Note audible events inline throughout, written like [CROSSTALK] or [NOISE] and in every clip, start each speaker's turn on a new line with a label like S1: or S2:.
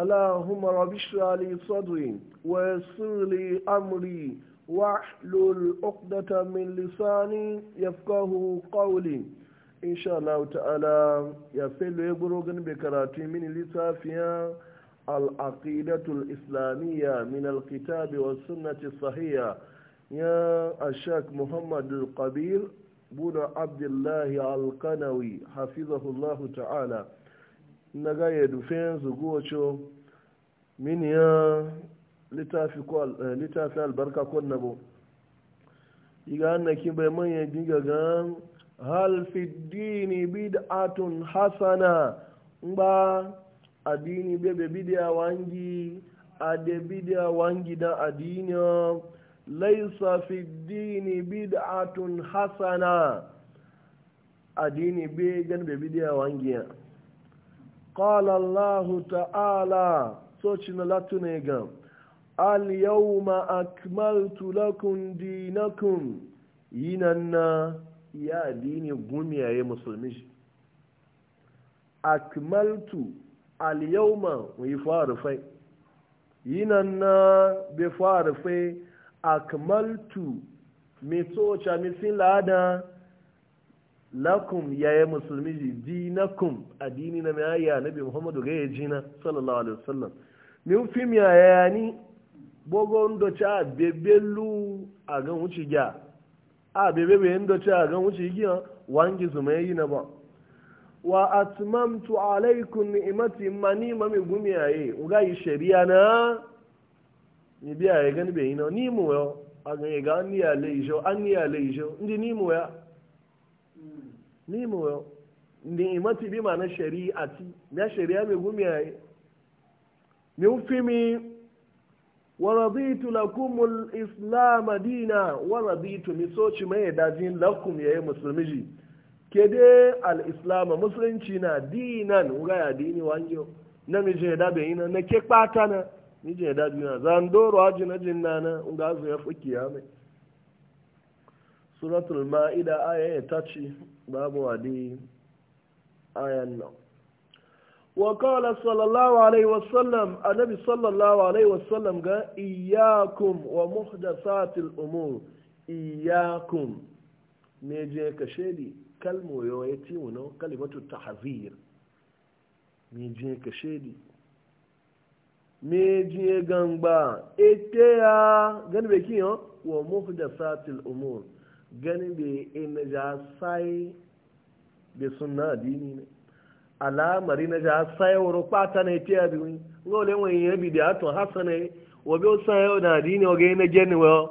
S1: اللهم رب اشرح لي صدري ويسر لي امري واحلل عقدة من لساني يفقه قولي ان شاء الله تعالى يا فيلو يغروغن بكراتي من لسافيا العقيدة الإسلامية من الكتاب والسنة الصحيحة يا الشيخ محمد القبير بن عبد الله القنوي حفظه الله تعالى na ga ya dufe yanzu gocho Min ya littafi ko, eh, littafi albarka kon na bo iga annakin bai manya diga gan hal fi dini bid'atun hasana ngba adini bebe bid'a wangi ade bid'a wangi da adini laisa fi dini bid'atun hasana adini be gan be bid'a wangi qala allah ta'ala soci na ne ga alyawma akmaltu lakum dinakum yinan na ya dini gumiyaye musulmi shi akmaltu alyawma akmaltu lada lakum yaye musulmi dinakum addini na mai ayya nabi muhammadu ga sallallahu alaihi wasallam min fi mi ayani bogo ndo cha bebelu aga wuci gya a bebebe ndo cha aga wuci gya wangi zuma yi na ba wa atmamtu alaikum ni'mati mani mami gumi aye uga yi sharia na ni biya ya gani bai na ni mu yo aga ya ga ni ya leijo an ni ya leijo ndi ni mu ya hmm. ni mu yo ni'mati bi ma na shari'ati na sharia mai gumi aye mufimi waraditu lakumul islam dina waraditu misoci mai dajin lakum yayi musulmiji ke al'islam al-islam musulunci na dinan ga dini wanjo na mi je da bayina na ke kpata na mi je da dina zan doro aji na na ga zo ya fuki ya mai suratul ma'ida aya ta ci babu wadi ayan nan وقال صلى الله عليه وسلم النبي صلى الله عليه وسلم قال إياكم ومحدثات الأمور إياكم نيجي كشيلي كلمة يويتي ونو كلمة التحذير نيجي كشيلي نيجي غنبا إتيا غنبا كيو ومحدثات الأمور غنبا إنجا ساي بسنة ديني alamari na ja sayawar kwata na itiya biyu ngole wani ya bi da to hasana wabe sayaw na e. dini oge na geni wa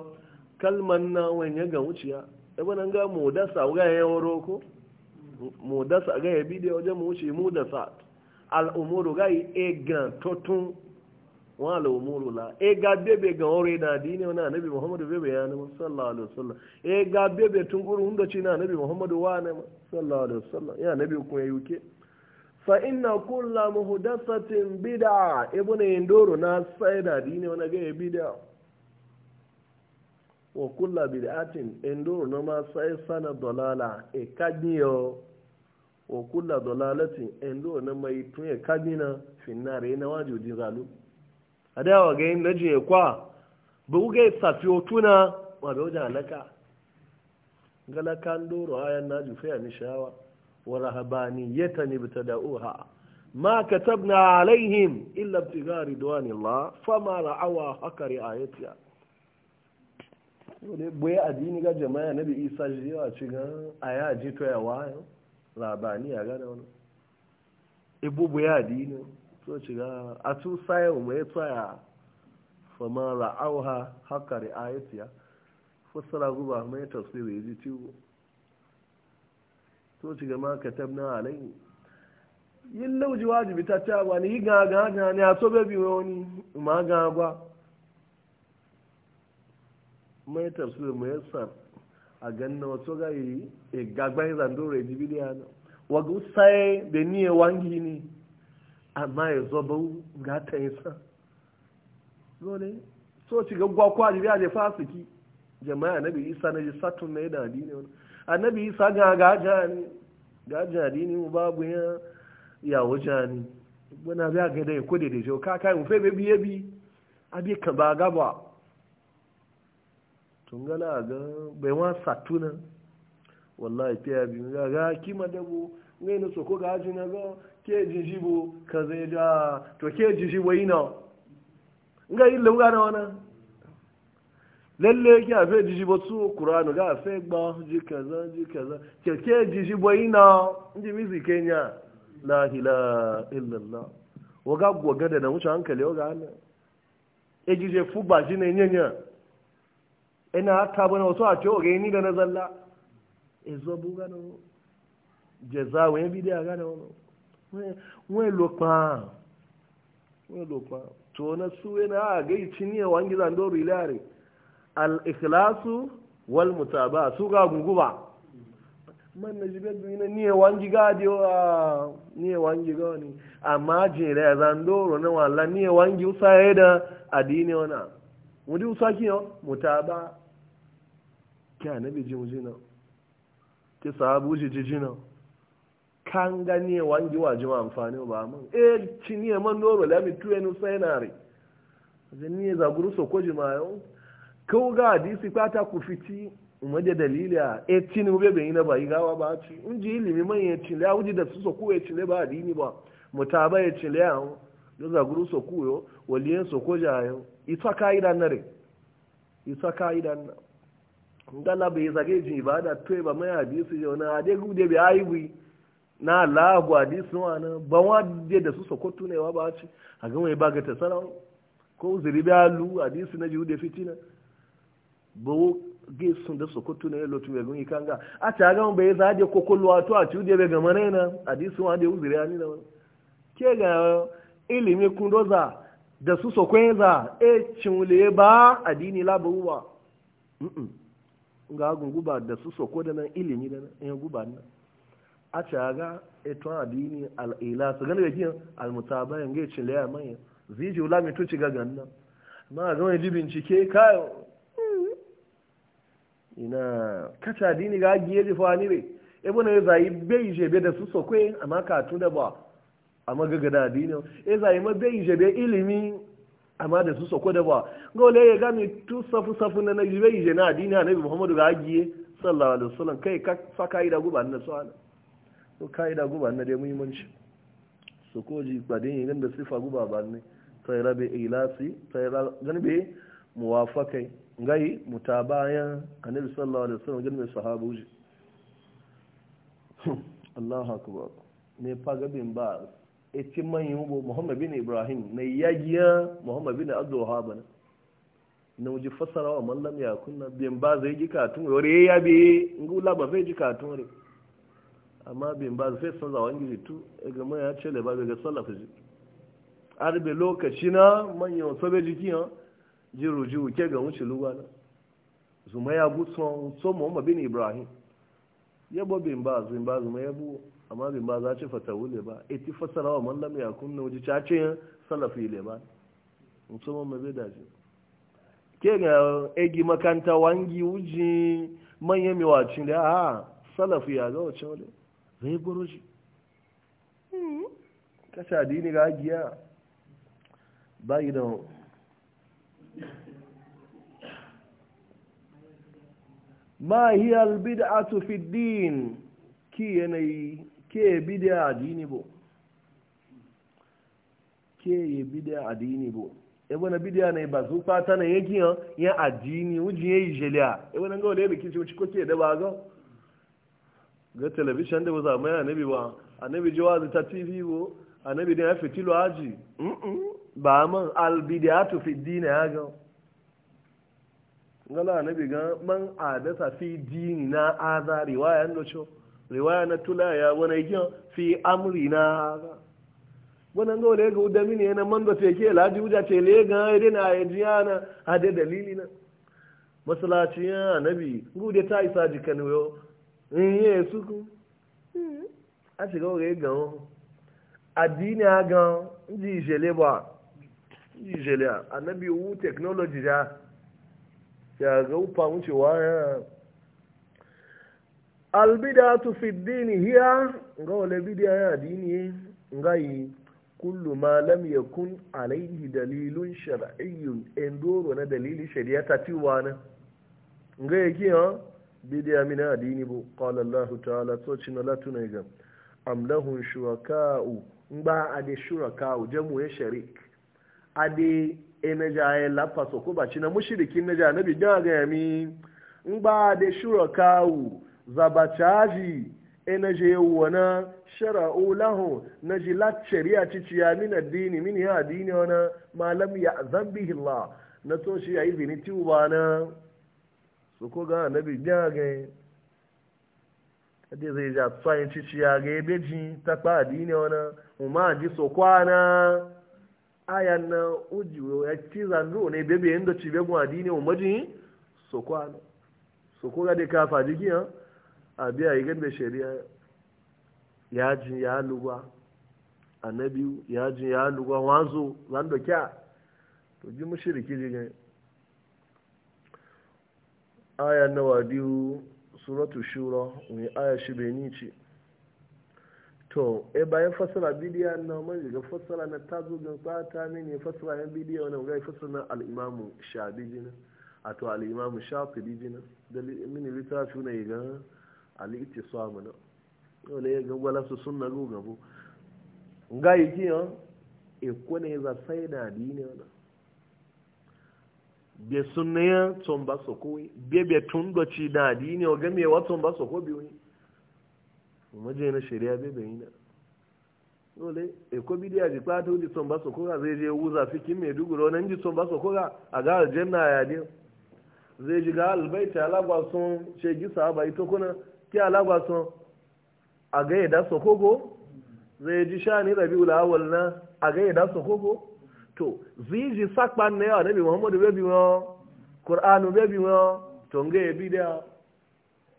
S1: kalman na wani ga wuciya ebe nan ga mu da sa ga ya woro ko mu da sa ga ya bi da waje mu wuce mu da sa al umuru ga yi e gan totun wa al umuru la e ga bebe ga ore na dini na nabi muhammadu bebe ya na sallallahu alaihi wasallam e ga bebe tun guru hunda ci na nabi muhammadu wa na sallallahu alaihi wasallam ya nabi kun yuke fa inna kulla muhdathatin bid'a ibn indoro na saida ne wani gaya bid'a wa kulla bid'atin indoro na ma sai sana dalala e kadniyo wa kulla dalalatin indoro na mai tun e kadnina finnare na wajudin zalu adawa ga yin ya kwa bugu ga safiyo tuna ma bai wajen alaka galakan doro ayan na jufe a nishawa wa rahabaniyatan ibtada'uha ma katabna alaihim illa ibtigha ridwanillah fama ra'awa haka ri'ayatiha boye addini ga jama'a nabi isa ji yawa ci a yi aji to ya wayo labani ya wani ibu boye so ci ga sai mu mai tsaya fama ra'awha haka ri'ayatiha fusara guba mai tafsiri ji ciwo so ci gama ka tabna alai yin lauji wajibi ta ta ba ni ga gaga ga ni a so bebi wani ma ga ba mai tafsir mai yassar a ganna wasu ga yi e gagba yi zando re di bidiya na waga sai da e, ni e wangi ne amma ya e zo ba ga ta yi sa dole so ci ga gwa kwaji biya je fasiki jama'a nabi isa na ji satun na yi da adini wani annabi isa ga gajani gajani ni mu babu ya ya jani wana biya ga dai kudi da jo ka kai mu fe biye bi abi kan ba gaba tungala ga bai wa satuna wallahi fiya bi ga ga kima dabo ngai na soko ga ajina ga ke jijibo kaze da to ke jijibo ina ngai lunga na wana lele ya fe jijibo su kuranu ga fe gba ji kaza ji kaza keke jijibo ina ji mizi kenya la ila illallah na wuce hankali waga ana e jije fuba ji ne nyanya ina aka na e wasu a ce oge ni na zalla e zo bu jeza e bi to na ga yi cinye wangi al-ikhlasu wal mutaba su ga guguba man na jibe na niye wangi ga wa ah, niye wangi ga ni amma jere zan doro na wala niye wangi usaye da adini ona mudi usaki yo mutaba kya nabi ji mujina ke sahabu ji jijina kan ga niye wangi wa jima amfani ba mun E, ci niye man doro la mi tuwe nu sai nare zan niye za guru so ko jima yo ko ga hadisi fata ku fiti umarje dalili a eti ni bebe ina ba yi gawa ba ci in ji ilimi man ya cile a wuji da su so kuwa cile ba adini ba mutaba ya cile a hau da zaguru so kuwa waliyan so ko ja yau isa ka'ida na re isa ka'ida na ngala bai zage ji ba da ba mai hadisi jau na ade gude bai aibu na alagu hadisi wa na ba wa da su so ko tunewa ba ci a gama ya ba tasara ko ziribi alu hadisi na jihu da fitina bawo gisun da sokoto ne lotu be gun ikanga a ta ga be za de kokolo ato a ti de be ga manena hadisi wa de uzire ani na ke ga ilimi kundoza da su sokwenza e chinule ba adini la bawa mm ga gun guba da su soko da nan ilimi da nan e guba na a ta ga eto adini al ila su ga ne ga al mutabayan ga chinle ya manya ziji ula mi tuci ga ganna ma ga wani bincike kayo ina kacha dini ga giye ji fa ni re e bona ya zai bai je be da su sokwe amma ka tun da ba amma gaga da dini e zai ma bai je be ilimi amma da su sokwe da ba ngole ya ga mi tu safu safu na naji bai je na dini annabi muhammadu ga giye sallallahu alaihi wasallam kai ka saka ida guba na sala to kai da guba na da muhimmanci su koji kwadin yin da sifa guba ba ne sai rabe ilasi sai rabe muwafakai ngai mutabayan annabi sallallahu alaihi wasallam gilmin sahabu ji hmm, Allahu akbar ne faga bin ba eti man yubo Muhammad bin Ibrahim ne yagiya Muhammad bin Abdul Wahhab na wuji fassara wa mallam ya kunna bin ba zai ji katun yore ya bi ngula e ba zai ji katun re amma bin ba zai san zawan gidi tu ga mai ya ce le ba ga salafi ji arbe lokaci na manyan sabe jiki ha jiru jiru ke ga wuce lugana zuma ya gutsun so bin ibrahim ya bo bin ba zuma ba zuma ya bu amma bin ba za ci fata wule ba eti ti fasara wa mallam ya kunna wuce salafi le ba so muhammad daji ke ga egi makanta wangi wuji manyan miwacin da a salafi ya ga wuce wale zai goro shi hmm, kasha dini ga bayi da ma hiya albid'atu fi din ki yanayi ke bid'a dini bo ke bid'a dini bo e wona bid'a ne ba su fata ne yake yan ya addini wuji yayi jeliya e wona ga wale biki ci ko ke da ba ga ga television da ba za mai annabi ba annabi jawazi ta tv bo annabi da ya fitilo aji mm -mm. ba man albid'atu fi din ya e ga ngala nabi ga man adasa fi na aza riwaya ndo cho riwaya na tula ya wana ijo fi amrina aza wana ngo le ga udami ne na mando te ke la di uja te le ga ide na ajiana ade dalili na masalaci ya nabi ngude ta isa jikan yo in ye suku hmm. a ti ga ga ga a ga ndi jele ba ndi jele annabi wu technology ya ga ufa wucewa ya albidatu fi dini hiya ga wale bidiya ya dini ngayi kullu ma lam yakun alaihi dalilun shar'iyyun endoro na dalili shari'a ta tiwa na ga yake ha bidiya min adini bu qala allah ta'ala to cin la tunai am lahum shuraka'u ba ade shuraka'u jamu ya sharik ade e na jaye lafa soko bachi baci na mushrikin na ja nabi da ga yami in ba da shurakawu zabacaji e na je wana shara'u lahu na ji la shari'a ci ciya min addini min ya addini wana malam ya zambihi Allah na to shi ayi bini tuba na soko ko ga nabi da ga kade zai ja tsayin ci ciya ga beji ta addini wana umma ji so kwana aya na uji ya ci zandu ne bebe yanda ci be adini dini o maji so kwa de ka fa jiki ha abi ayi gan be sharia ya ji ya lugwa anabi ya ji ya lugwa wazo zando kya to ji mushriki ji ne aya na wadiu suratu shura ni aya shibenici to e bayan fasara bidiyo na man ga fasara na tazo gan tsata mini fasara yan bidiyo na ga fasara na al-imamu shabiji na ato al-imamu shafi'i jina da mini litafi na ga al-ittisamu na wala ga wala su sunna go gabo ga yi kiyo e ko ne za sai da dini na be sunna ya tomba ko be be tun do ci da dini o ga me wa tomba sokobi wani maje na shari'a bai bai na dole e ko bidiya ji kwata wuji son ba sokoga zai je wuza fikin mai duguro nan ji son ba sokoga a ga aljanna ya ne zai ji ga albaita alagwa sun shegi sahaba ito kuna ki alagwa sun a ga ya da sokogo zai ji shani ni rabiul awwal na a ga ya da sokogo to ziji sakpan ne ya nabi muhammadu bebi wọn qur'anu bebi wọn to nge bidiya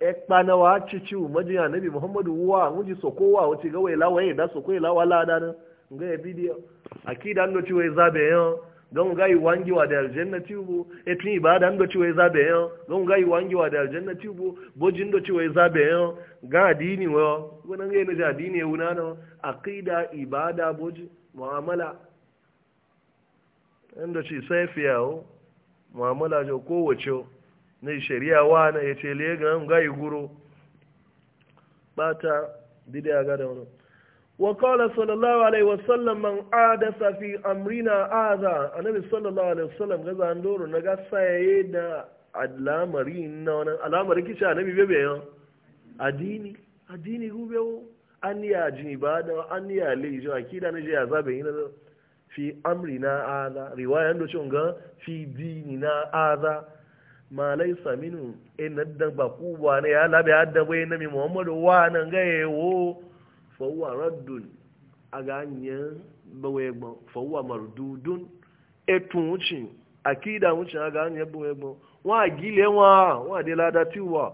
S1: ekpanawa na wa cici umaji annabi muhammadu wa muji sokowa wuce ga waila waye da soko ila wala da nan ga ya bidiyo akida ndo ci zabe yo don ga yi wangi wa da aljanna tubu etin ibada ndo ci wai zabe yo don ga yi wangi wa da aljanna tubu boji ndo ci wai zabe yo ga dini wo wannan ga ne da dini wuna no akida ibada boji muamala ndo ci sai fiyawo muamala jo kowace na shari'a wa na ya ce ga gayi guro ta dide a gada wani wa qala sallallahu alaihi wasallam man adasa fi amrina aza annabi sallallahu alaihi wasallam ga zan doro na ga saye da alamari na wani alamari a annabi bebe yau? adini adini gube wo an ya ba da an ya le a kida na je ya zabe yin fi amrina aza riwayan cin ga fi na aza ma laisa minu e eh, naddan ba ku ba ne ya labe hadda bai eh, na mi muhammadu wa nan ga raddun a ga ba wai mardudun e tun wucin akida wucin a ga ba wai wa gile wa wa de lada ti wa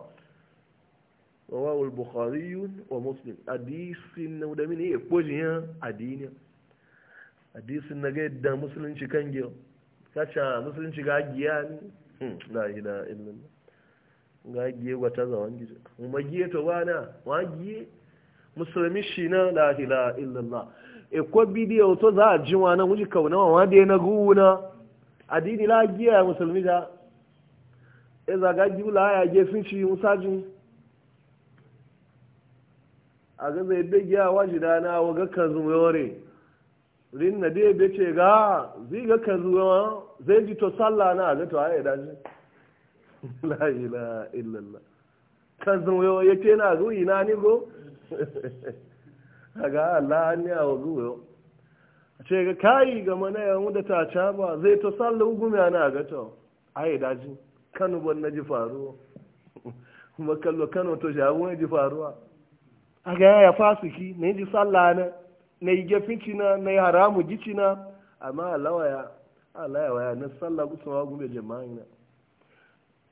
S1: wa bukhari wa muslim hadisin na da mini e adini hadisin na ga musulunci kan musulunci ga giya Hmm. la ilaha illallah ga giye wata za wani gizo kuma giye to wana wa giye musulmi shi na la ilaha illallah e ko bidiyo to za a ji wani wuji kauna wa wanda na guna adini la giya musulmi da e za ga giyu la ya gefin shi musajin a ga zai da giya wajidana wa ga kan yore rin na dai bai ce ga zai ga ka zuwa zai ji to sallah na ga zato ayi da shi [LAUGHS] la ilaha illallah ka zuwa ce na zuwa ina ni go [LAUGHS] ga Allah ne a go ce ga kai ga mana ya mu da ta ca ba zai to sallah gumi na ga to ayi da shi kanu ban na ji faruwa [LAUGHS] kuma kallo kano to jawo ne ji faruwa a ga ya fasiki ne ji sallah na na yi gefin cina na yi haramu ji cina amma alawa ya waya na sallah gusawa gumbe jama'a na.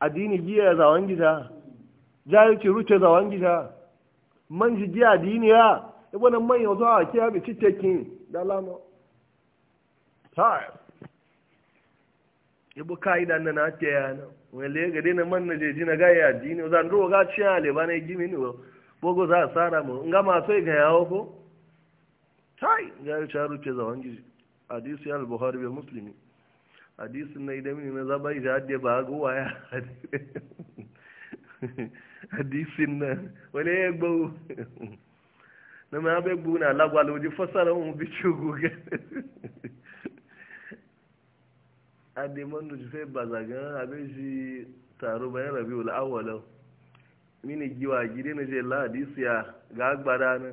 S1: addini giya ya zawon gida jahilci ruce zawon gida man ji giya addini ya ibo nan man yanzu a kiya bi citekin da lama ta ibo kaida nan na ta yana wale ga dai na man na jeji na gaya addini zan ruwa ga ciya le ba na gimi ne bogo za a sara mu nga ma sai ga yawo ko tai ya yi ta rufe zaman gizi hadisi al-buhari bai musulmi hadisi na idan mini na zaba ita hadde ba gowa ya hadisi na wani ya gbau na ma bai gbau na alagwa ji fasara mu bi ci goge hadde manu ji fai ba zagan abin shi taro bayan wula awwalau mini giwa gidi na je la hadisi ya ga agbada na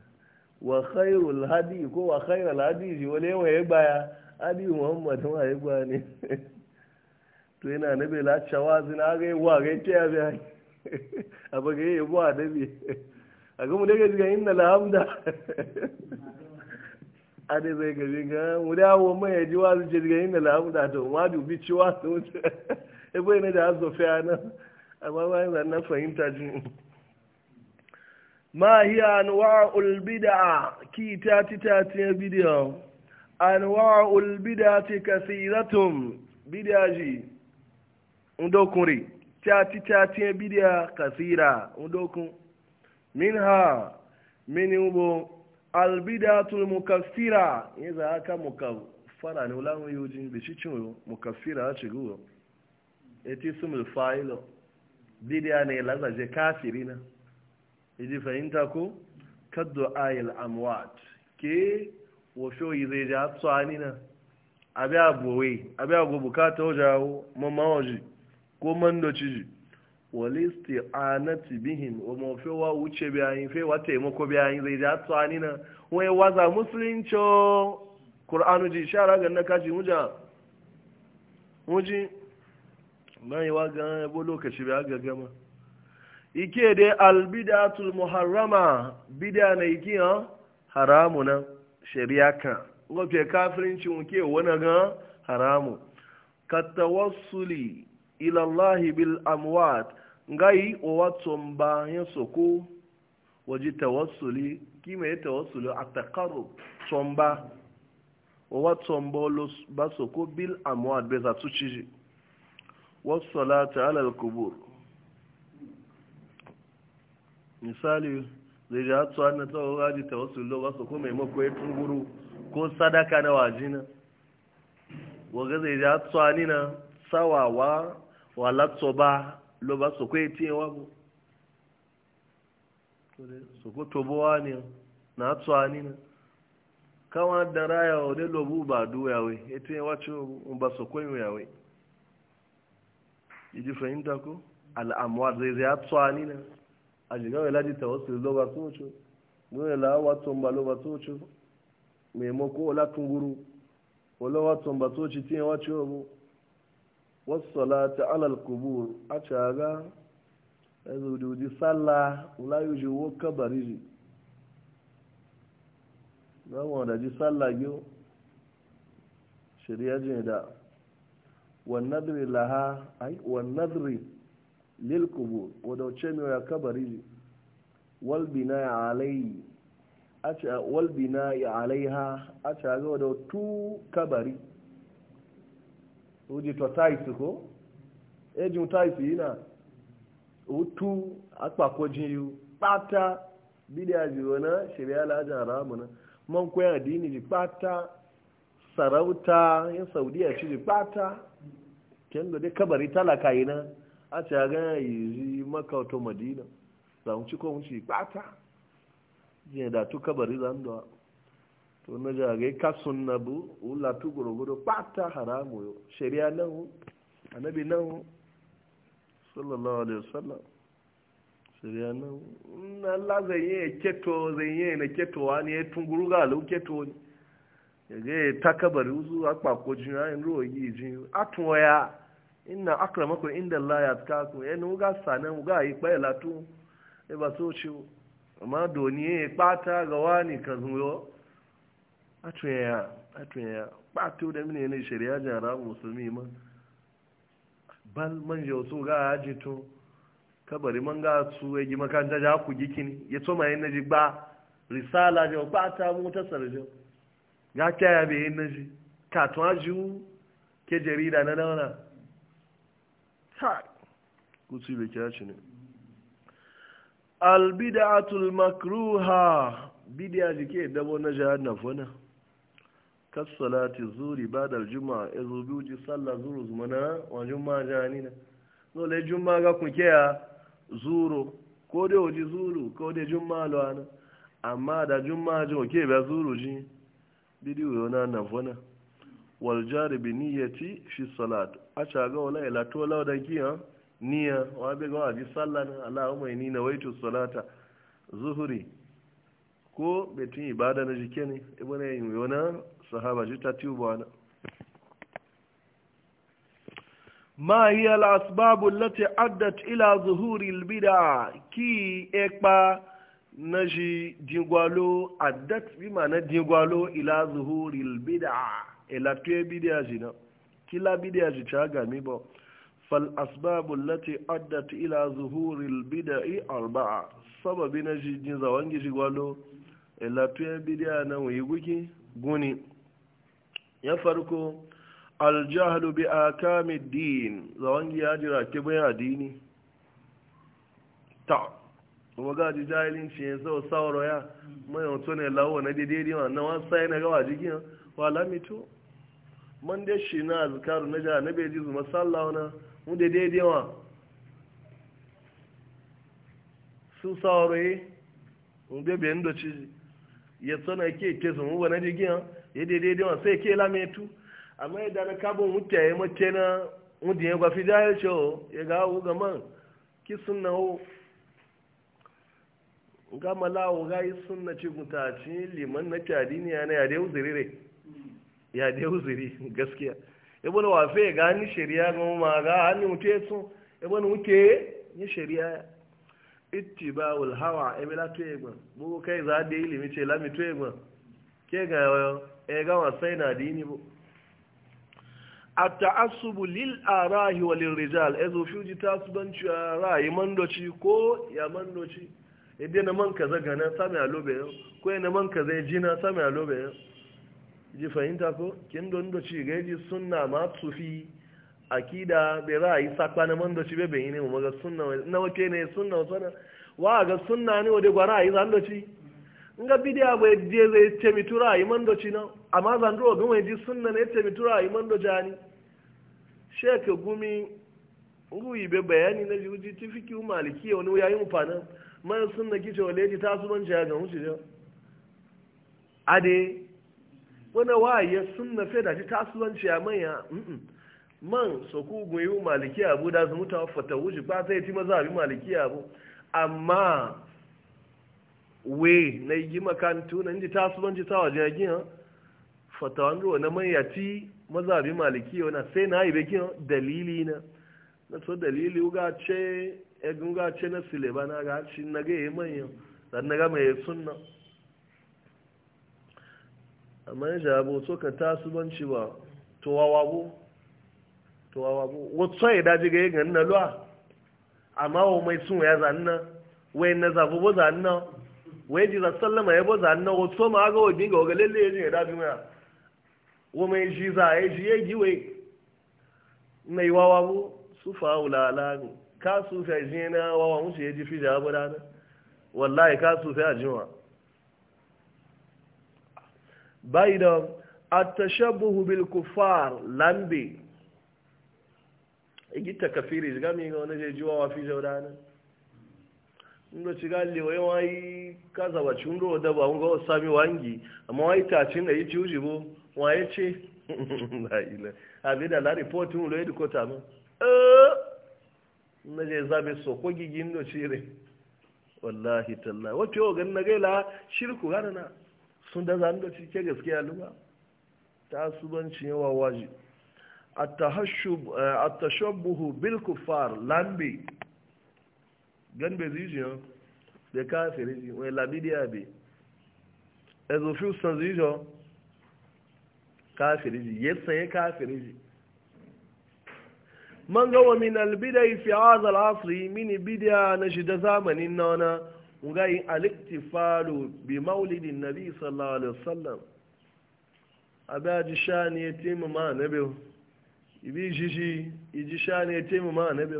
S1: wa khairul hadi ko wa khairul hadi shi wale wa ya baya hadi muhammad wa ya baya ne [LAUGHS] to yana na bai lacca wa zina ga yi wa ga ce ya [LAUGHS] a abu ga yi wa da bi a ga mu daga ga inna alhamda [LAUGHS] a dai zai ga ga mu da wa mai ji wa zuce ga inna alhamda to ma dubi ci wa to e bai ne da azofiana amma ba zan na fahimta jin ma hiya anwa'ul bid'a ki ta ti ta ti bid'a anwa'ul bid'ati kathiratun bid'aji undokunri ta ti ta ti bid'a kathira undokun minha min ubo al bid'atul mukaffira yaza aka fara ne ulan yujin bi shi cin mukaffira ci guwo eti sumul fa'ilo bid'a ne lazaje kafirina iji fahimta ko kaddo ayil amwat ke washo yi zai ja tsani na abi abuwe abi abu bukata wajawo mamma waje ko mandoci ji walisti anati bihin wa mafi wa wuce biyayin fai wa taimako biyayin zai ja tsani na wai waza musulunci kur'anu ji shara ga na kaji wuja wuji na yi wa ga yabo lokaci biya ga gama ike dai albidatul muharrama bida na iki ha haramu na shari'a ka ngofe kafirinci nke wani ga haramu ka tawasuli ilallahi bil amwat ngai o watson ba yin soko waji tawassuli kime ya tawassuli a takarru tsomba o watson ba soko bil amwat bai za su ciji wasu salata alal kubur misali zai ji hatsu hannun tsawon raji ta wasu lo su kuma maimako ya tunguru ko sadaka na wajina waga zai ji hatsu hannun na tsawawa wa latso ba lo ba su kwaye tiyewa bu su ko tobowa ne na hatsu hannun na kawo da raya wa dai lobu ba duyawe ya tiyewa ce ba su kwaye yawe yi ji fahimta ko al'amuwa zai zai hatsu hannun na àṣìgáwò ìlàjì tẹ̀wọ́sì lọ́ba tó ṣe lórí làwọn tó ń ba lọ́ba tó ṣe mẹ̀mọ́ kó ọlákùnwúrú olówó tó ń ba tó ṣe tí wọ́n ṣe ọmọ wọ́n sọ̀la ti alàlùkùbù àṣàgá ẹ̀sùn òdìdí sálà láyòjì owó kábàárì rì láwọn ọ̀dàjì sálà yóò ṣèlérí ẹ̀jìn ìdá wọ̀n laha, làhá wọ̀n nádìrì. lil kubur wadauce mai ya kabari wal bina alai acha ha bina alaiha acha ga wadautu kabari uji to taisi ko ejun taisi yana utu akpakojin yu pata bidiya jiwona shari'a lajin haramuna man koya addini ji pata sarauta yan saudiya ci ji pata kyan da dai kabari talaka yi nan a ce a gana yi maka madina zaunci mu ko mu bata jiya da tu kabari zandowa to na jagai kasun na bu wula tu gurgudu bata haramu yau shari'a nan annabi nan sallallahu alaihi wasallam shari'a nan in Allah zai yi keto zai yi na ketowa ne ya tunguru ga alu keto ne ya ga ta kabari uzu a ko jin ayin ruwa yi jin atun waya inna akramakum inda Allah ya tkaku e uga ga sana yi ga yi pela tu e ba so chi ma doni e pata ga wani ka zuyo atuya atuya patu da mine ne shari'a jara musulmi ma bal man je so ga aji to kabari man ga su e gi makanta ja ku gikin ya so ma na ji ba risala je pata mu ta sarjo ga kya ya be yin ji ka to aju ke jarida na dauna kai kuci bai kya ci ne albida'atul makruha bidiya jike dabo na jihar jahannaf wani kassalati zuri ba da juma, izu biyu ji sallah zuru zumana wa juma'a jahani na dole juma'a ga kuke ya zuru ko dai oji zuru ko dai juma'a lwana amma da juma'a ji oke ba zuru ji bidiyo na nafona waljari bi niyyati fi salat a caga wala ila to lawa da niyya wa be ga waji sallan allahumma inni nawaitu salata zuhri ko betin ibada na jike ne ibn yin wani sahaba ji ta tuba ma hiya al asbab allati addat ila zuhuri al bid'a ki ekpa naji dingwalo addat bi mana na dingwalo ila zuhuri al bid'a elatuye bidiya ji na kila bidiya ji ta gami ba fal asbabu lati addat ila zuhurin bid'i arba'a sababi na ji jin zawan gi gwalo elatuye bidiya na wuyi guki guni ya farko aljahlu bi akami din zawan gi ya jira ke bayan addini ta kuma ga ji jahilinci ya sau sauro ya mai wato ne lawo na daidai na wasu yana na gawa jikin wa lamito man dai shi na azkaru na ja na beji zuma sallah wana mu da daidai wa su saurayi mu da bayan ya tsona ke ke zuma wani jigiya ya daidai wa sai ke lametu amma ya na kabon mutaye mace na mutum ya gwafi jahil ce ya ga hau ga man ki sunna hau ga malawo ga yi sunna ce mutaci liman na cadi ne na yare uzurire ya dai uzuri gaskiya ibn wafe ga hannun shari'a ga ma ga hannu mutu sun ibn muke yin shari'a ba hawa e bela to egba bu kai za a da ilimi ce lami to egba ke ga e ga wa sai na dini bu at-ta'assub lil arahi wa lil rijal ezo fuji tasubanci rayi mandoci ko ya mandoci idan man kaza gana sami alobe ko ina man kaza jina sami alobe ji fahimta ko kin don do ci ga sunna ma sufi akida be ra'ayi sakwa na man do ci be be ne mu ga sunna na wace ne sunna wato na wa ga sunna ne wade gwa ra'ayi zan do ci nga bidiya be je zai ce mi tura yi man ci na amma zan do ga ji sunna ne ce mi tura yi man do jani shek gumi nguyi be bayani na ji ti fiki maliki wani yayi mu fana man sunna kice wale ji ta su man ja ga mu ci ade wani waye sun na fi da ji tasuwanci a manya man so ku gunyi maliki abu da su mutawa fata wuce ba ta yi ti maza abi maliki abu amma we na yi makantu na ji tasuwanci ta wajen yakin fata wani wani manya ti maza abi maliki wani sai na yi bekin dalili na na so dalili ga ce egun ga ce na sileba na ga shi na ga yi manya dan na ga mai sunna amma ya abu so ka tasubanci ba towawabo bu wato ya daji ga yin ganin luwa amma wa mai sun ya zanna wayan na zafi bu zanna wai ji sallama ya bu zanna wato ma ga wabi ga waga lalle ya ji ya daji maya wa mai ji za a yi ji ya gi wai na yi wawa bu su fa'ula alami ka su fi ajiyana wawa musu ya ji fi jawabu dana wallahi ka su fi ajiyawa baina atashabuhu bilkufar kufar lambi igita kafiri zigami ngone je juwa wafija ndo chigali we wai kaza wachundo da ba sami wangi amma wai ta chinda yi chuji abida la report mu ledu kota mu eh! zabe soko ko gigi ndo chire wallahi tallahi wato ga na shirku gana na sun da zanen da cike gaskiya luba ta subanci yawa waji ta eh, tashabbuhu bilku far lambi gan be zijiyo eh? be kafiri ji wai labidiya bai ezo fi san zijiyo eh? kafiri ji yesa ya kafiri ji man gawa min al-bidai fi hadha al-asr na shi da zamanin nana ngai aliktifalu bi maulidin nabi sallallahu alaihi wasallam abaji shani yatimu ma nabi ibi jiji iji shani yatimu ma nabi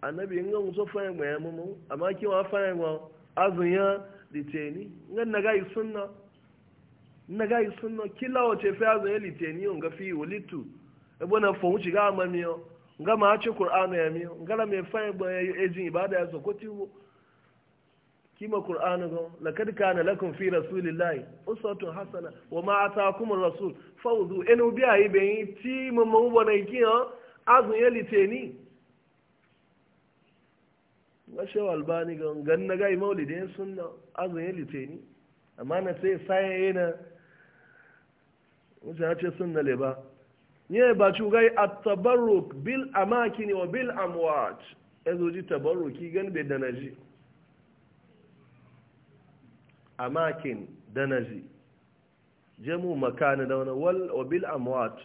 S1: annabi nga muso fayin ma mumu amma ki wa fayin gba azun ya liteni nga naga yi sunna naga yi sunna kila o te fe azun ya liteni o nga fi wolitu ebo na fo wuci ga amami o nga ma ci qur'anu ya mi o nga la me fayin gba ejin ibada ya so ko ti wo kima zo go laqad kana lakum fi rasulillahi uswatun hasana wa ma ataakum ar-rasul fawdu enu a yi be ti mo mo bo na ki han azun ye liteni gashe albani go gan na gai maulidin sunna azun ye ni amma na sai sai na wajen ce sunna le ba ni ba gai at-tabarruk bil amakin wa bil amwat ezo ji tabarruki gan be danaji amakin da ji. jemu makana da wani wal obil amuwat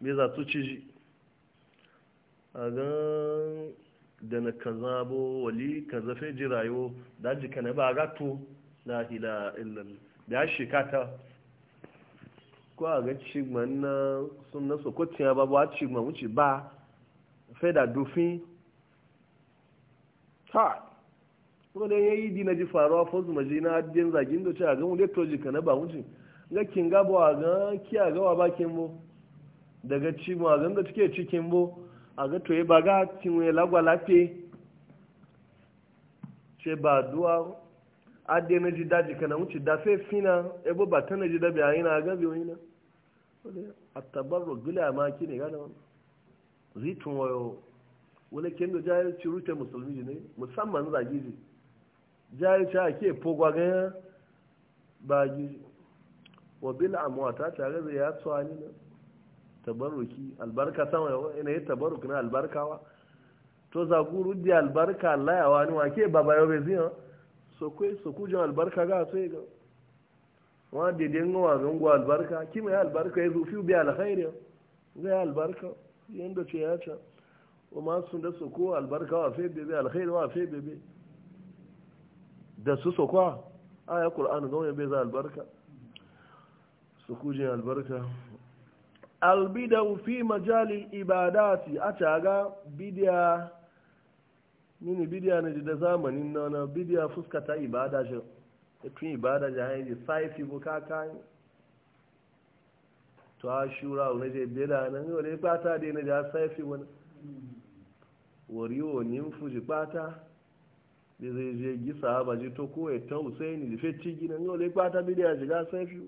S1: me za tu ci a gan da na kaza bo wali kaza fe ji da ji kana ba gato na ila ilal da ya shikata ko a ga ci man na sun na ko tiya ba ba ci man wuce ba fe da dufin ta kuma ne ya yi dina ji faruwa fa zuma ji na din zagin do cewa ga mu toji ka kana ba wuce ga kin ga ba ga kiya ga ba kin bo daga ci ma ga da take cikin bo a ga to ba ga cin we lagwa lafiye ce ba duwa adde na ji daji kana wuce da fe fina e bo ba ta na ji da bi ayina ga bi wina at-tabarruk bila ma kine ga da zitun wayo wani kendo ci rute musulmi ne musamman zagiji jari ta ke fogwa ganyen bagi wa bil amwata tare da ya tsawa ni na tabaruki albarka sama ina yi tabaruki na albarkawa to za ku rudi albarka layawa ni wa ke baba yau bai zina so kai so ku jin albarka ga sai ga wa de de ngwa ngwa albarka kima ya albarka yazo fi bi alkhairi ga ya albarka yanda ce ya ta wa ma sun da so ko albarka wa fe bebe alkhairi wa fe bebe da su sokwa aya ƙur'anu gaunin bai za albarka su kujin albarka albidan fi majalin ibadati a caga bidiya mini bidiya na ji da zamanin nana bidiya fuska ta ibada shi tun ibada ji hanyar saifi bukaka to a shura wani je bida nan yau da ya fata da yana da saifi wani wariwo nimfu ji fata da zai je sahaba ji to ko ya tawu sai ni fe gina ne ole kwata bi da shiga sai fi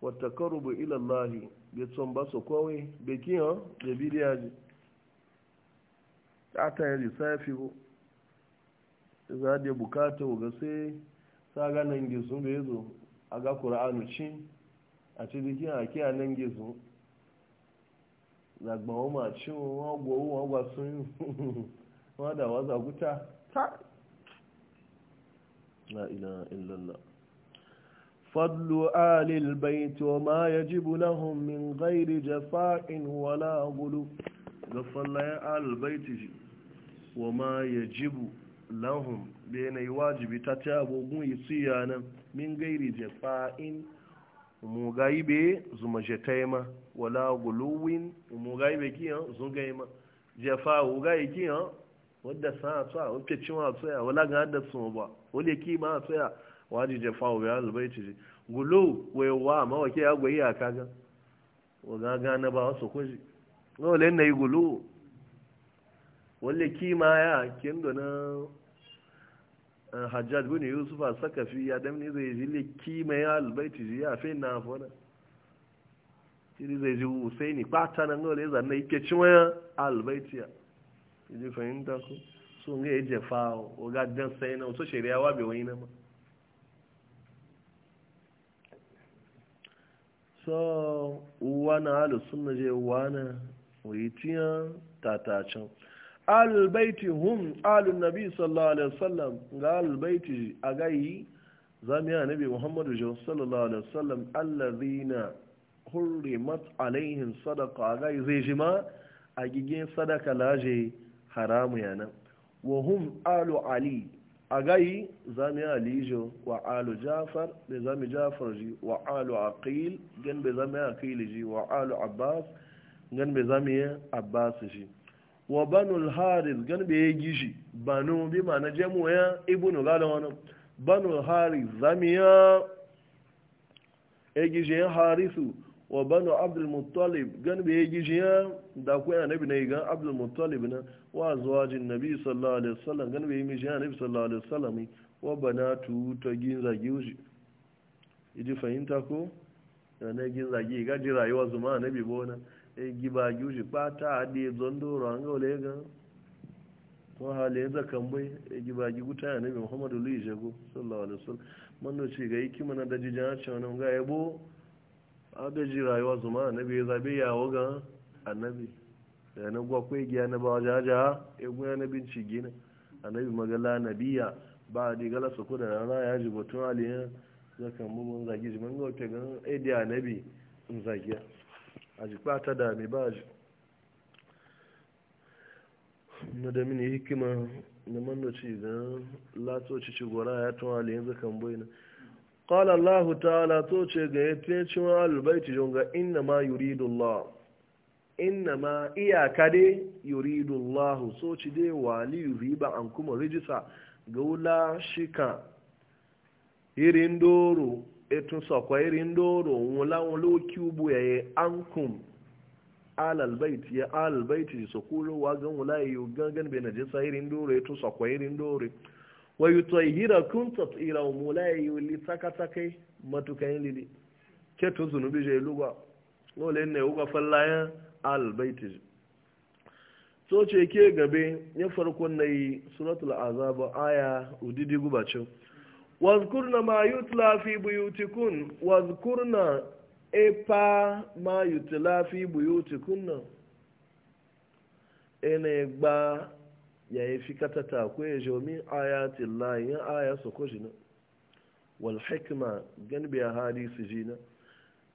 S1: wa taqarrubu ila Allah bi tson ba so kowe be ki ho be bi da ji ta ta yi sai fi bo za da bukata ga sai sa ga nan gi sun be zo a ga qur'anu ci a ci diki a ki a nan gi sun zagbọn ma cin wa gbowó wọn gba sun [LAUGHS] wa da wọn guta لا إله إلا الله فضل آل البيت وما يجب لهم من غير جفاء ولا غلو غفل يا آل البيت وما يجب lahum da yanayi wajibi ta ta abubuwan isi yana min gairi jafa'in mugaibe zumajetaima wala guluwin mugaibe kiyan zungaima jafa'u gai kiyan wadda sa tsaya wadda cin wa tsaya wala ga hada sun ba ya ki ma tsaya wadda je fawo ya albaiti ji gulu wewa ma wake ya goyi ya kaga wa ga gana ba wasu kuji wadda na yi gulu wadda ki ma ya kin na eh, hajjaj bin yusufa sakafi ya damni zai ji le ki ma ya albaiti ji ya fi na fona kiri zai ji usaini kwata nan wale zanna yake cin wa albaiti ya ji fahimta ku sun ga yaje fawo o ga dan sai na so shari'a wa bai wani na ma so wana alu na je wana witiya tatacin albaiti hum alun nabi sallallahu alaihi wasallam ga albaiti agayi zamiya nabi muhammadu jo sallallahu alaihi wasallam allazina hurrimat alaihim sadaqa agayi zai jima a gigin sadaka laje haramu yana wa hum alu ali a gayi zami alijo wa alu jafar bai zami jafar ji wa alu aqil gan bai zami aqil ji wa alu abbas gan bai yi abbas ji wa banu haris gan bai gishi banu bi ma na jemu ya ibnu galawan banul haris zami ya egishe harisu wa banu abdul muttalib gan yi gijiya da ku yana nabi yi gan abdul muttalib na wa zawajin nabi sallallahu alaihi wasallam gan be mi jiya nabi sallallahu alaihi wasallam wa bana banatu ta ginza giuji idi fahimta ko yana ginza gi ga ji rayuwa zuma nabi bona e giba giuji pata ade zondoro an ga ole gan to hale da kambai e giba gi guta nabi muhammadu lui jago sallallahu alaihi wasallam man no ci ga yiki mana da jijiyar cewa nan ga yabo abe ji rayuwa zuma annabi ya zabe yawo ga annabi da na gwa kwai giya na bawa jaja ya gwa na binci annabi magala nabiya ba di gala su kuda rana ya ji batun aliyan zaka mu zagi ji mun gauke ga aidi annabi mun zagiya a ji kwata da mi ba ji na da mini hikima na mandoci ga latoci ci gora ya tun aliyan zakan boye qala allah ta'ala to ga yace cewa albayti jonga inna ma yuridu allah inna ma iyaka de yuridu allah de wali riba an kuma rijisa ga wula shika irin doro etun sokwa irin doro wula wula kiubu yayi an kum alalbaiti ya alalbaiti so kuro wa gan wula yi gangan na najisa irin doro etun sakwa irin doro wa yutahhirakum wa mulai yuli sakatakai matukan lili ke to zunubi je lugwa lole ne uga fallayan albaiti so ce ke gabe ya farko na yi suratul azaba aya udidi gubacin wazkurna ma yutla fi buyutikun wazkurna epa ma yutla fi buyutikun na ene gba ya yi fi katata ko ya jomi ayatin layin aya su ko jina wal hikima gan biya hadisi jina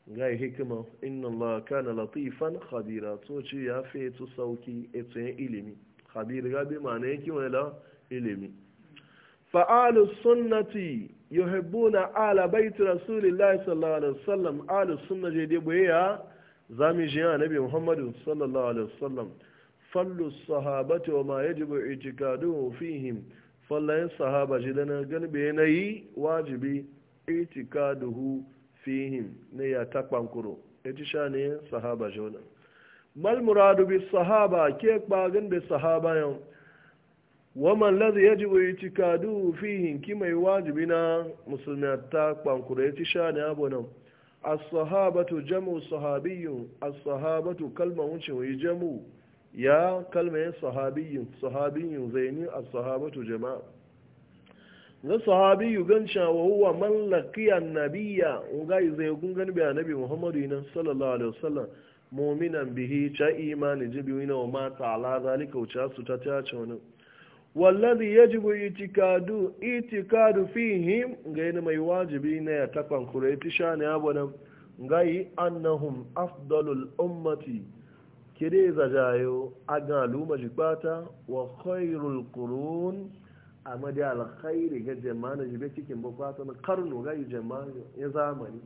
S1: ga yi hikima inna Allah kana latifan khabira to ci ya fi tu sauki etu yin ilimi khabir ga bi mana yake wani la ilimi fa'alu sunnati yuhibbuna ala baiti rasulillahi sallallahu alaihi wasallam alu sunna je de boye ya zami je annabi muhammadu sallallahu alaihi wasallam fallu sahabati wa ma yajibu itikaduhu fihim fallayin sahaba shi dana na yi wajibi itikaduhu fihim ne ya takwan kuro ya ci sha ne sahaba shi wani mal muradu bi sahaba ke kpagin da sahaba yau waman lazi ya jibu itikaduhu fihim ki mai wajibi na musulmi takwan kuro ya ci sha ne abu nan as-sahabatu jam'u sahabiyyun as-sahabatu kalma wuce yi jam'u ya kalmayin sahabiyin sahabiyin zaini a sahabatu jama'a na sahabiyu ganca wa huwa man nabiyya ungai zai kun gani muhammadu ina sallallahu alaihi wasallam mu'minan bihi cha imani jibi ina wa ma ta'ala zalika ucha su ta ta ce wani wallazi yajibu itikadu itikadu fihim gaina mai wajibi ne ya takwan kurai tishani abunan gai annahum afdalul ummati kede zajayo agan aluma jibata wa khairul qurun amadi al khairi ga jama'a jibe cikin bukata na karnu ga jama'a ya zamani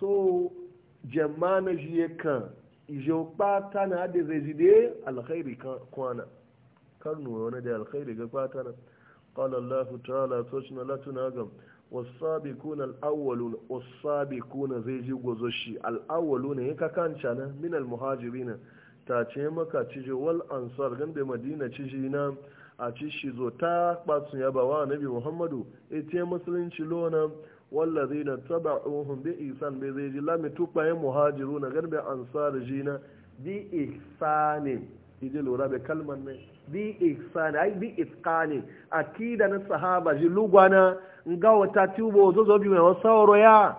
S1: so jama'a jiye kan ijo pata na de zejide al khairi kwana karno wona da al khairi ga pata na qala allah ta'ala toshna latuna gam wasabi kuna na zai ji gwazo shi al’awwalu na yin kakan canan minal muhajirina na ta ce maka cije wal ansar ganda madina cije na a ci shi zo ta basu ya bawa nabi muhammadu ita musulunci lona walla zai na taba ohun bi isan bai zai ji lami tukpayen muhajiru na ganda ansar jina bi isanin ije lura bai kalmar mai bi ihsani ai bi itqani akida na sahaba ji na nga wata tubo zozo bi mai sauro ya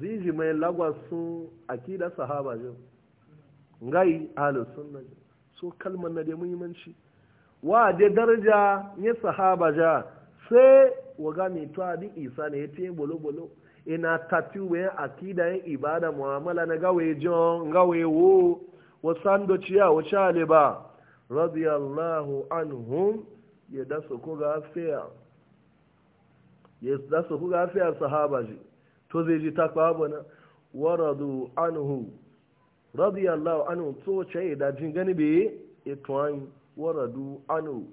S1: ziji mai lagwa sun akida sahaba ji ngai ahlus sunna so kalmar na da muhimmanci wa da daraja ne sahaba ja sai waga mai a bi isa ne ya ce bolo bolo ina e tatu ya akida ya ibada mu'amala na gawe jon gawe wo wasando ciya wuce ba radiyallahu anhum ya dasa ku gafiya ya dasa ku gafiya sahaba ji to zai ji takwa abu waradu anhu radiyallahu anhu to ce ya dajin gani bai ya tuwan waradu anhu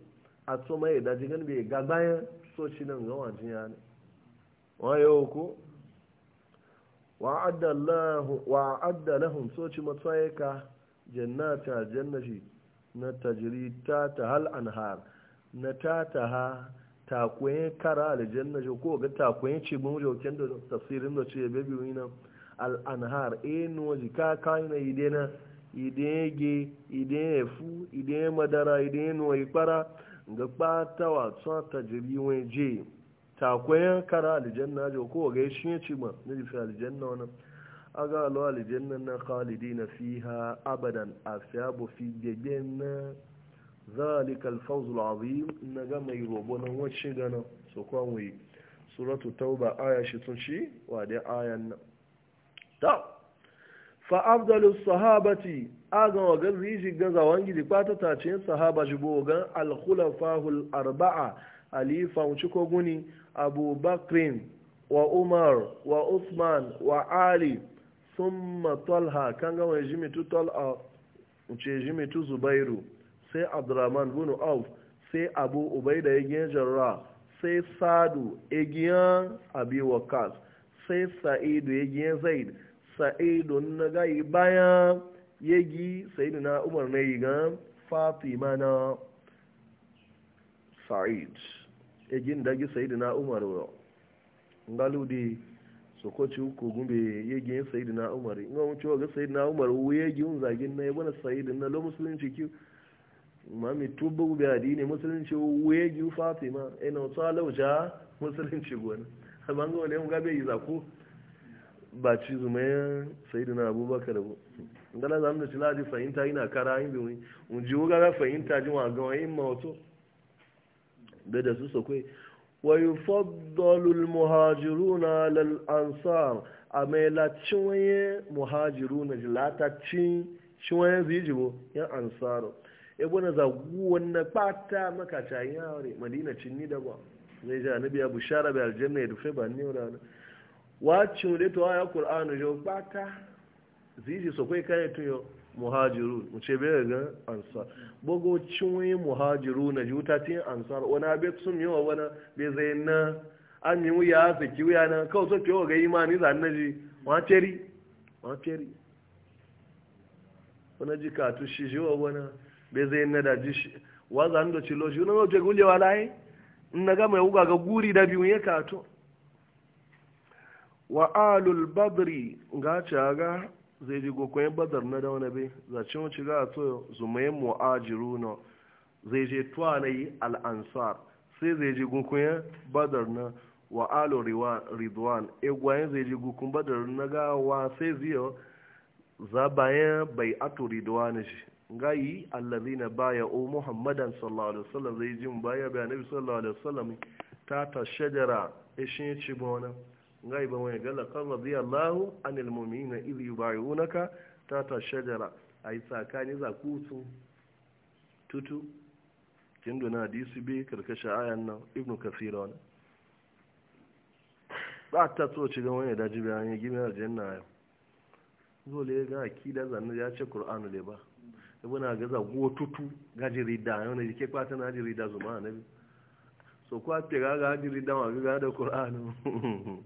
S1: a to mai ya dajin gani bai ga so shi nan ga wajen ya ne wayo ko wa'adallahu lahum so ci jannata jannashi na tajiri ta ta hal anhar na ta ta ha takwayen kara aljanna jo ko ga takwayen ce mun da ken da tafsirin da ce be biyu na al anhar e no ji ka kai na idena idege idene fu idene madara idene no ipara ga pata wa tsa tajiri wen je takwayen kara aljanna jo ko ga shi ci ma ne fi aljanna wannan a ga alwalijin nan na khalidi na abadan a fiyabo fi gege na zalikal fawzul azim na ga mai robo nan wacce su suratu tauba aya shi tun shi wa dai ayan nan ta fa abdalu sahabati a ga wagan riji gaza wangi da kwata ta ce sahaba shi bo ga alkhulafahul arba'a ali fa'uci ko guni abubakrin wa umar wa usman wa ali summa talha kan gama wani jimi tu talha ce jimi tu zubairu sai abdurrahman bin auf sai abu ubaida ya gina jarra sai sadu ya gina abi wakas sai sa'idu ya gina zaid sa'idu na gayi bayan yegi sa'idu na umar na yi gan fatima na sa'id ya dagi sa'idu na umar wa ngaludi sokoci uku gumbe yegi yin na umar in wani cewa ga sayidu na umar wu yegi yin zagin na yabana sayidu na lo musulunci ma mami tuba gube adi musulunci wu yegi yin fatima ina e wata lauja musulunci gwani a ga wani mu gabe yi zako ba ci ya sayidu na abubakar bu ngala zamu da tiladi fahimta ina kara yin bi mun ji wuga fahimta jin wa ga wayin ma wato da da su sokoi ويفضل المهاجرون على الأنصار أما لا تشوية مهاجرون لا تشين شوي زيجبو يا أنصار يبونا زغو باتا ما كتاين ياري مدينة تشيني دبوا نيجا نبي أبو شارة بالجنة يدفع بني ولا واتشون لتوا يا قرآن جو باتا زيجي سوكوي كاين تيو muhajirun mu ce bai ga ansar bugu cinwe muhajiru na juta tin ansar wana be sun wa wana be zai na an yi ya ki wuya na kawai so kewa ga imani zan na ji wa ceri wa wana ji ka tu shi wa wana be zai na da ji wa zan da cilo shi wani wajen gulewa layi in na ga mai wuga ga guri da biyu ya kato wa alul badri ga ta ga zai ji gokoyin badar na da wani bai zace wuce ga a to zumayen mu'ajiru na zai je tuwa na yi al'ansar sai zai ji gokoyin badar na wa alo ridwan egwayen zai ji gukun badar na gawa sai ziyo zabayen bai ato ridwan shi gayi na baya o muhammadan sallallahu alaihi wasallam zai ji mu baya bayanai sallallahu alaihi wasallam ta ta shajara ishin e ci bona ngai ba wani gala kan radiyallahu anil mu'minina idh yubayunaka tata shajara ai tsakani za ku su tutu kin hadisi bi karkashin ayan nan ibnu kasira wannan ba ta so ci ga wani daji bayan ya gina aljanna yau dole ga akida zanne ya ce qur'anu le ba ibn ga za go tutu gaji rida jike kwata na jiri zuma zuma annabi so kwa pega ga jiri dawa ga da qur'ani [LAUGHS]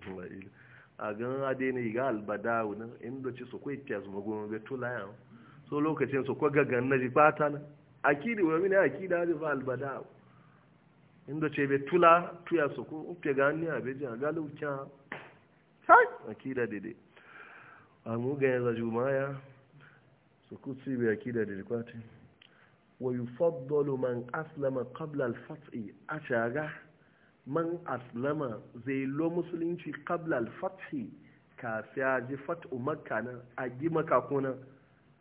S1: a gan ade ne ga albadawu na inda ci so kwa piyaz magono ga tulaya so lokacin sokwa kwa gagan na ji fata na akidi wa mini akida da fa albadawu inda ce be tula tuya so ko pega ni a be ja galu cha sai akida dede amu ga ya jumaya so kutsi be akida dede kwati wa yufaddalu man aslama qabla al-fathi a shaga man aslama zai lo musulunci qabla al-fathi kafin a ji fat'u makka nan a gi maka kuna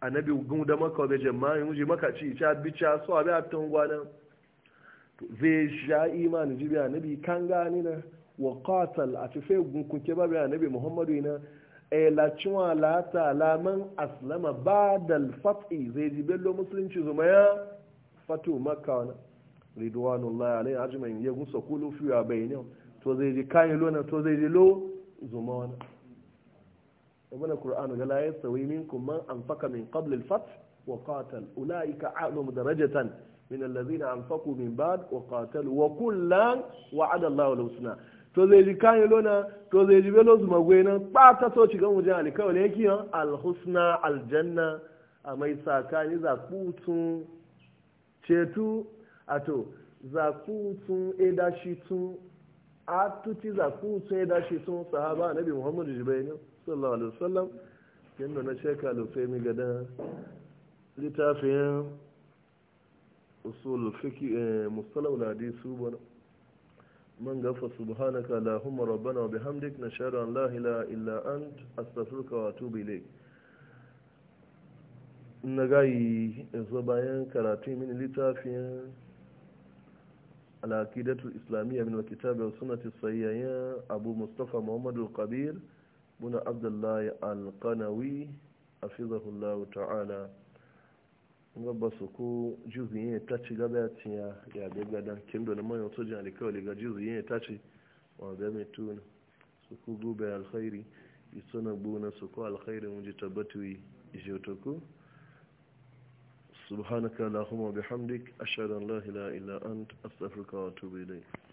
S1: annabi gun da maka da jama'i muji maka ci cha bi cha so abi atun gwana zai sha imani jibi annabi kan gani na wa qatal a tafe gun kunke babu annabi muhammadu ina e la ciwa la ta laman aslama ba da fat'i zai ji bello musulunci zuma ya fatu makka wani ridwanullahi alaihi ajma'in ya gusa kulu fiya bayanin to zai ji kayan lona to zai ji lo zuma wani ibn al-qur'an gala ya sawi minkum man anfaqa min qabl al-fath wa qatal ulaika a'lamu darajatan min alladhina anfaqu min ba'd wa qatalu wa kullan wa'ada Allahu al-husna to zai ji kayan lona to zai ji belo zuma gwena ɓata so shiga wajen alikawar ne yake yan alhusna aljanna a mai sakani zakutun cetu a to zakutun edashi tun a zakutun edashi tun sahaba nabi muhammadu jibaini sallallahu alaihi wasallam yadda na sheka mi gada littafin usul fiki eh, من غفر سبحانك اللهم ربنا وبحمدك نشهد ان لا اله الا انت استغفرك واتوب اليك na gayi yanzu bayan karatu mini littafin al'akidatul islamiyya min kitab sunnati sayyaya abu mustafa muhammad al-kabir buna abdullahi al-qanawi a ta'ala nga ba su ku juzi yin ta ci gaba ya cinya ya bai gada kin da mai wato jin alikawali ga juzi yin ta ci wa bai mai tuna su ku gube alkhairi isona buna su ku alkhairi mun ji tabbatu yi ku subhanaka allahumma bihamdik ashhadu an la ilaha illa ant astaghfiruka wa atubu ilayk